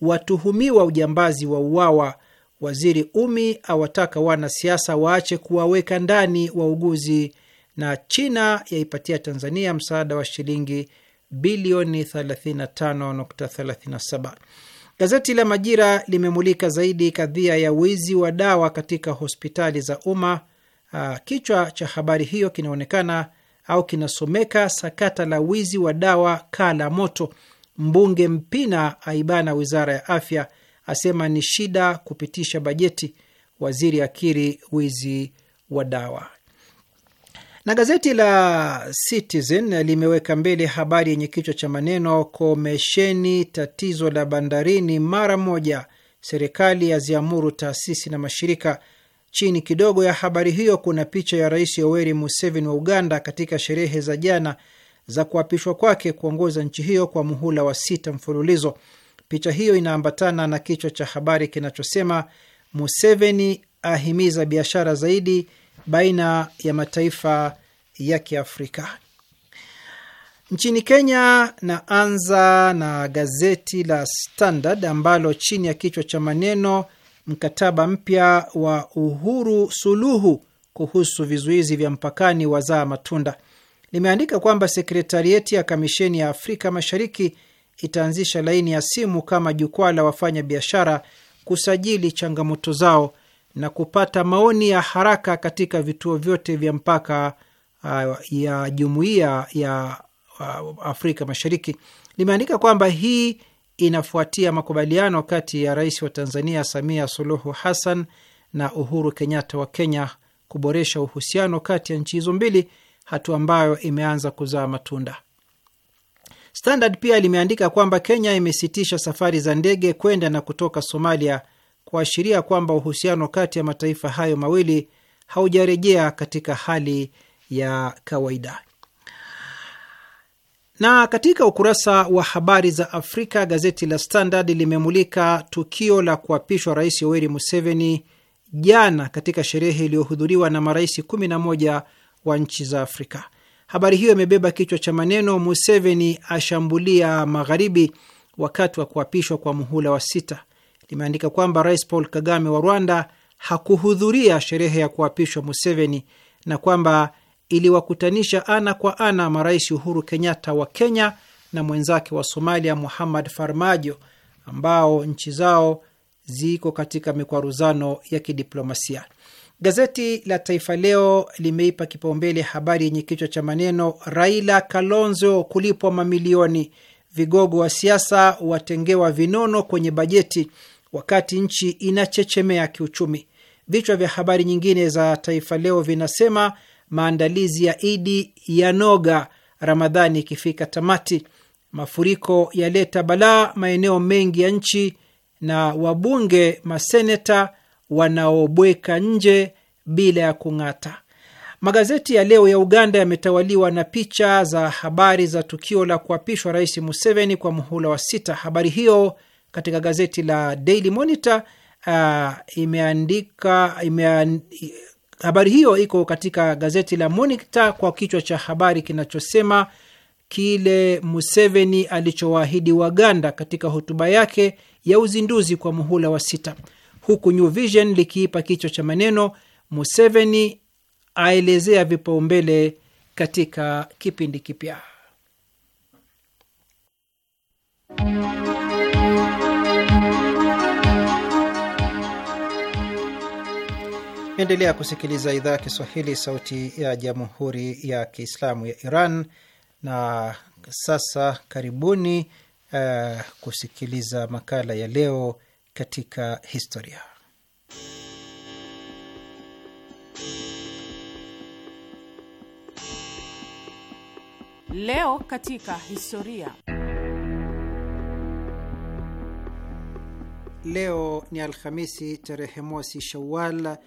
watuhumiwa ujambazi wa uawa, waziri Umi awataka wanasiasa waache kuwaweka ndani wauguzi, na China yaipatia Tanzania msaada wa shilingi bilioni 35.37. Gazeti la Majira limemulika zaidi kadhia ya wizi wa dawa katika hospitali za umma. Ah, kichwa cha habari hiyo kinaonekana au kinasomeka, sakata la wizi wa dawa kaa la moto, mbunge Mpina aibana wizara ya afya, asema ni shida kupitisha bajeti, waziri akiri wizi wa dawa. Na gazeti la Citizen limeweka mbele habari yenye kichwa cha maneno komesheni tatizo la bandarini mara moja, serikali yaziamuru taasisi na mashirika. Chini kidogo ya habari hiyo kuna picha ya Rais Yoweri Museveni wa Uganda katika sherehe za jana za kuapishwa kwake kuongoza nchi hiyo kwa muhula wa sita mfululizo. Picha hiyo inaambatana na kichwa cha habari kinachosema Museveni ahimiza biashara zaidi baina ya mataifa ya Kiafrika. Nchini Kenya, naanza na gazeti la Standard ambalo chini ya kichwa cha maneno mkataba mpya wa Uhuru Suluhu kuhusu vizuizi vya mpakani wazaa matunda, limeandika kwamba sekretarieti ya kamisheni ya Afrika Mashariki itaanzisha laini ya simu kama jukwaa la wafanya biashara kusajili changamoto zao na kupata maoni ya haraka katika vituo vyote vya mpaka uh, ya jumuiya ya uh, Afrika Mashariki. Limeandika kwamba hii inafuatia makubaliano kati ya rais wa Tanzania Samia Suluhu Hassan na Uhuru Kenyatta wa Kenya kuboresha uhusiano kati ya nchi hizo mbili, hatua ambayo imeanza kuzaa matunda. Standard pia limeandika kwamba Kenya imesitisha safari za ndege kwenda na kutoka Somalia kuashiria kwamba uhusiano kati ya mataifa hayo mawili haujarejea katika hali ya kawaida. Na katika ukurasa wa habari za Afrika, gazeti la Standard limemulika tukio la kuapishwa Rais Yoweri Museveni jana katika sherehe iliyohudhuriwa na marais 11 wa nchi za Afrika. Habari hiyo imebeba kichwa cha maneno Museveni ashambulia Magharibi wakati wa kuapishwa kwa muhula wa sita limeandika kwamba Rais Paul Kagame wa Rwanda hakuhudhuria sherehe ya kuapishwa Museveni na kwamba iliwakutanisha ana kwa ana marais Uhuru Kenyatta wa Kenya na mwenzake wa Somalia Muhammad Farmajo ambao nchi zao ziko katika mikwaruzano ya kidiplomasia. Gazeti la Taifa Leo limeipa kipaumbele habari yenye kichwa cha maneno Raila Kalonzo kulipwa mamilioni, vigogo wa siasa watengewa vinono kwenye bajeti, wakati nchi inachechemea kiuchumi. Vichwa vya habari nyingine za Taifa Leo vinasema maandalizi ya Idi ya noga, Ramadhani ikifika tamati, mafuriko yaleta balaa maeneo mengi ya nchi, na wabunge maseneta wanaobweka nje bila ya kung'ata. Magazeti ya leo ya Uganda yametawaliwa na picha za habari za tukio la kuapishwa Rais Museveni kwa muhula wa sita. Habari hiyo katika gazeti la Daily Monitor uh, imeandika imeand... habari hiyo iko katika gazeti la Monitor kwa kichwa cha habari kinachosema kile Museveni alichowaahidi Waganda katika hotuba yake ya uzinduzi kwa muhula wa sita, huku New Vision likiipa kichwa cha maneno Museveni aelezea vipaumbele katika kipindi kipya. Endelea kusikiliza idhaa ya Kiswahili, sauti ya jamhuri ya kiislamu ya Iran. Na sasa karibuni uh, kusikiliza makala ya leo katika historia. Leo katika historia. Leo ni Alhamisi tarehe mosi Shawal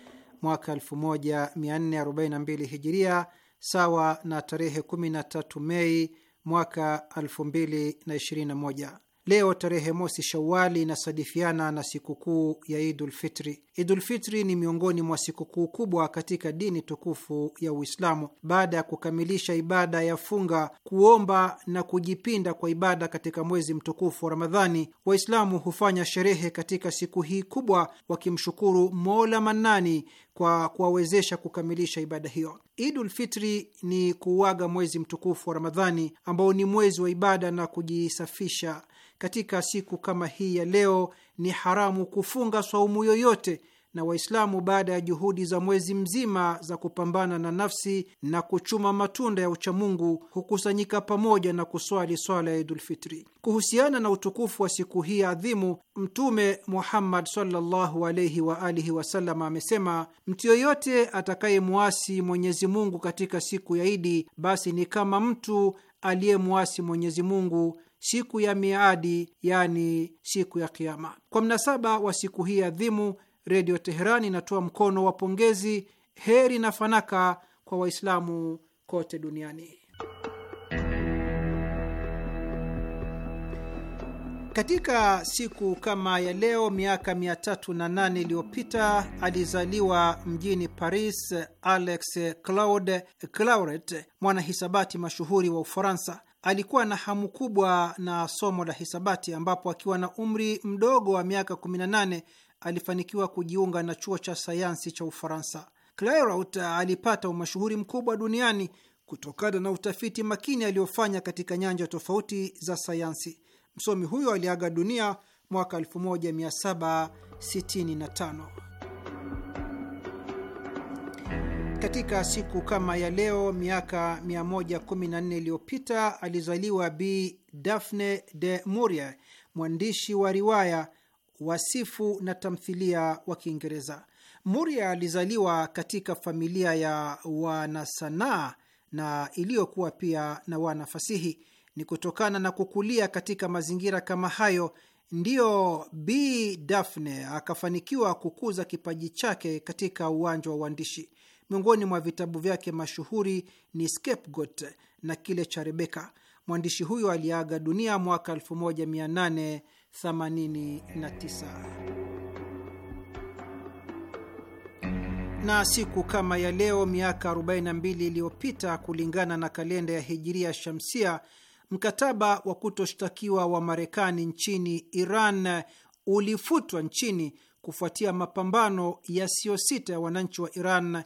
mwaka 1442 hijiria sawa na tarehe 13 Mei mwaka 2021. Leo tarehe mosi Shawali inasadifiana na sikukuu ya Idulfitri. Idulfitri ni miongoni mwa sikukuu kubwa katika dini tukufu ya Uislamu. Baada ya kukamilisha ibada ya funga, kuomba na kujipinda kwa ibada katika mwezi mtukufu wa Ramadhani, Waislamu hufanya sherehe katika siku hii kubwa, wakimshukuru Mola Manani kwa kuwawezesha kukamilisha ibada hiyo. Idulfitri ni kuuaga mwezi mtukufu wa Ramadhani ambao ni mwezi wa ibada na kujisafisha katika siku kama hii ya leo ni haramu kufunga swaumu yoyote, na Waislamu baada ya juhudi za mwezi mzima za kupambana na nafsi na kuchuma matunda ya uchamungu hukusanyika pamoja na kuswali swala ya Idulfitri. Kuhusiana na utukufu wa siku hii adhimu, Mtume Muhammad sallallahu alaihi wa alihi wasallam amesema, mtu yoyote atakayemwasi Mwenyezi Mungu katika siku ya Idi, basi ni kama mtu aliyemwasi Mwenyezi Mungu siku ya miadi, yani siku ya Kiama. Kwa mnasaba wa siku hii adhimu, Redio Teherani inatoa mkono wa pongezi, heri na fanaka kwa Waislamu kote duniani. Katika siku kama ya leo miaka 308 iliyopita alizaliwa mjini Paris Alex Claude clauret mwanahisabati mashuhuri wa Ufaransa alikuwa na hamu kubwa na somo la hisabati, ambapo akiwa na umri mdogo wa miaka 18 alifanikiwa kujiunga na chuo cha sayansi cha Ufaransa. Clairaut alipata umashuhuri mkubwa duniani kutokana na utafiti makini aliyofanya katika nyanja tofauti za sayansi. Msomi huyo aliaga dunia mwaka 1765. Katika siku kama ya leo miaka 114 iliyopita alizaliwa Bi Daphne de Maurier, mwandishi wa riwaya, wasifu na tamthilia wa Kiingereza. Maurier alizaliwa katika familia ya wanasanaa na iliyokuwa pia na wanafasihi. Ni kutokana na kukulia katika mazingira kama hayo ndiyo b Daphne akafanikiwa kukuza kipaji chake katika uwanja wa uandishi. Miongoni mwa vitabu vyake mashuhuri ni Scapegoat na kile cha Rebeka. Mwandishi huyo aliaga dunia mwaka 1889. na siku kama ya leo miaka 42 iliyopita kulingana na kalenda ya Hijiria Shamsia, mkataba wa kutoshtakiwa wa Marekani nchini Iran ulifutwa nchini kufuatia mapambano yasiyosita ya wananchi wa Iran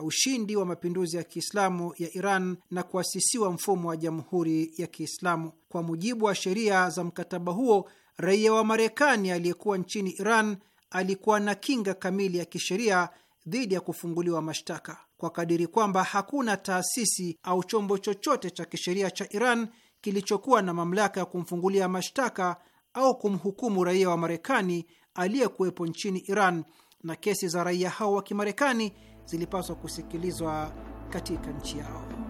uh, ushindi wa mapinduzi ya Kiislamu ya Iran na kuasisiwa mfumo wa jamhuri ya Kiislamu. Kwa mujibu wa sheria za mkataba huo, raia wa Marekani aliyekuwa nchini Iran alikuwa na kinga kamili ya kisheria dhidi ya kufunguliwa mashtaka, kwa kadiri kwamba hakuna taasisi au chombo chochote cha kisheria cha Iran kilichokuwa na mamlaka ya kumfungulia mashtaka au kumhukumu raia wa Marekani aliyekuwepo nchini Iran, na kesi za raia hao wa Kimarekani zilipaswa kusikilizwa katika nchi yao.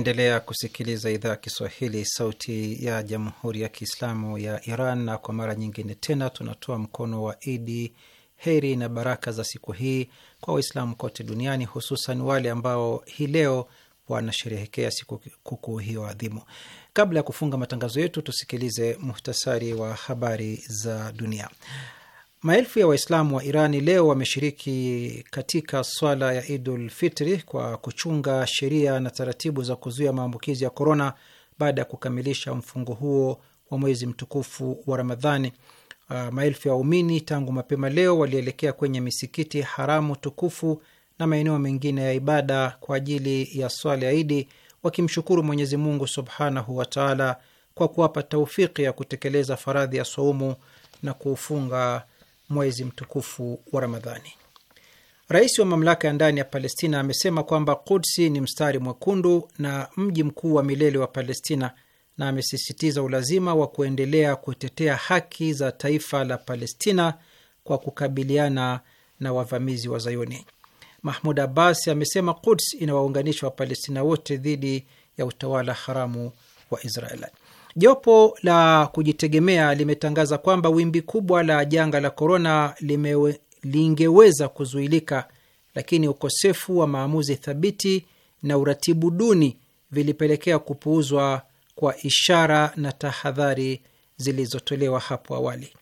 Mnaendelea kusikiliza idhaa ya Kiswahili, sauti ya jamhuri ya kiislamu ya Iran, na kwa mara nyingine tena tunatoa mkono wa Idi, heri na baraka za siku hii kwa Waislamu kote duniani, hususan wale ambao hii leo wanasherehekea sikukuu hiyo adhimu. Kabla ya kufunga matangazo yetu, tusikilize muhtasari wa habari za dunia. Maelfu ya Waislamu wa Irani leo wameshiriki katika swala ya Idul Fitri kwa kuchunga sheria na taratibu za kuzuia maambukizi ya korona baada ya kukamilisha mfungo huo wa mwezi mtukufu wa Ramadhani. Uh, maelfu ya waumini tangu mapema leo walielekea kwenye misikiti haramu tukufu na maeneo mengine ya ibada kwa ajili ya swala ya Idi, wakimshukuru Mwenyezi Mungu subhanahu wataala kwa kuwapa taufiki ya kutekeleza faradhi ya saumu na kuufunga mwezi mtukufu wa Ramadhani. Rais wa mamlaka ya ndani ya Palestina amesema kwamba Kudsi ni mstari mwekundu na mji mkuu wa milele wa Palestina, na amesisitiza ulazima wa kuendelea kutetea haki za taifa la Palestina kwa kukabiliana na wavamizi wa Zayuni. Mahmud Abbas amesema Kuds inawaunganisha Wapalestina wote dhidi ya utawala haramu wa Israel. Jopo la kujitegemea limetangaza kwamba wimbi kubwa la janga la korona lingeweza kuzuilika, lakini ukosefu wa maamuzi thabiti na uratibu duni vilipelekea kupuuzwa kwa ishara na tahadhari zilizotolewa hapo awali.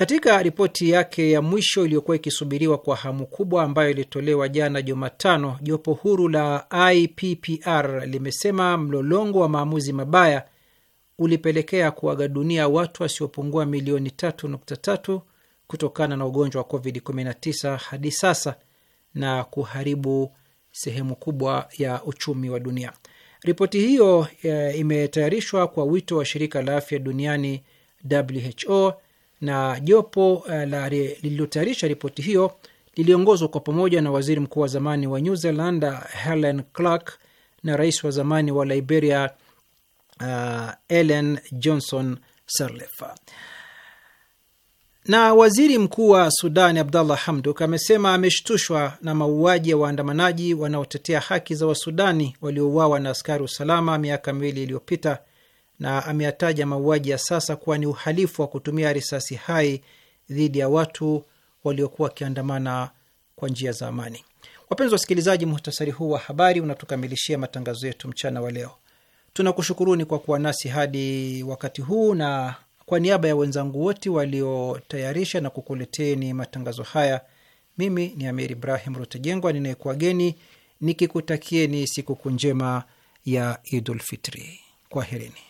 Katika ripoti yake ya mwisho iliyokuwa ikisubiriwa kwa hamu kubwa ambayo ilitolewa jana Jumatano, jopo huru la IPPR limesema mlolongo wa maamuzi mabaya ulipelekea kuaga dunia watu wasiopungua milioni 3.3 kutokana na ugonjwa wa COVID-19 hadi sasa na kuharibu sehemu kubwa ya uchumi wa dunia. Ripoti hiyo eh, imetayarishwa kwa wito wa shirika la afya duniani WHO na jopo eh, lililotayarisha ripoti hiyo liliongozwa kwa pamoja na waziri mkuu wa zamani wa New Zealand eh, Helen Clark na rais wa zamani wa Liberia uh, Ellen Johnson Sirleaf. Na waziri mkuu wa Sudan Abdallah Hamdok amesema ameshtushwa na mauaji ya waandamanaji wanaotetea haki za Wasudani waliouawa na askari usalama miaka miwili iliyopita na ameyataja mauaji ya sasa kuwa ni uhalifu wa kutumia risasi hai dhidi ya watu waliokuwa wakiandamana kwa njia za amani. Wapenzi wasikilizaji, muhtasari huu wa habari unatukamilishia matangazo yetu mchana wa leo. Tunakushukuruni kwa kuwa nasi hadi wakati huu, na kwa niaba ya wenzangu wote waliotayarisha na kukuleteni matangazo haya, mimi ni Amir Ibrahim Rutejengwa ninayekuwageni nikikutakieni sikukuu njema ya Idulfitri. Kwaherini.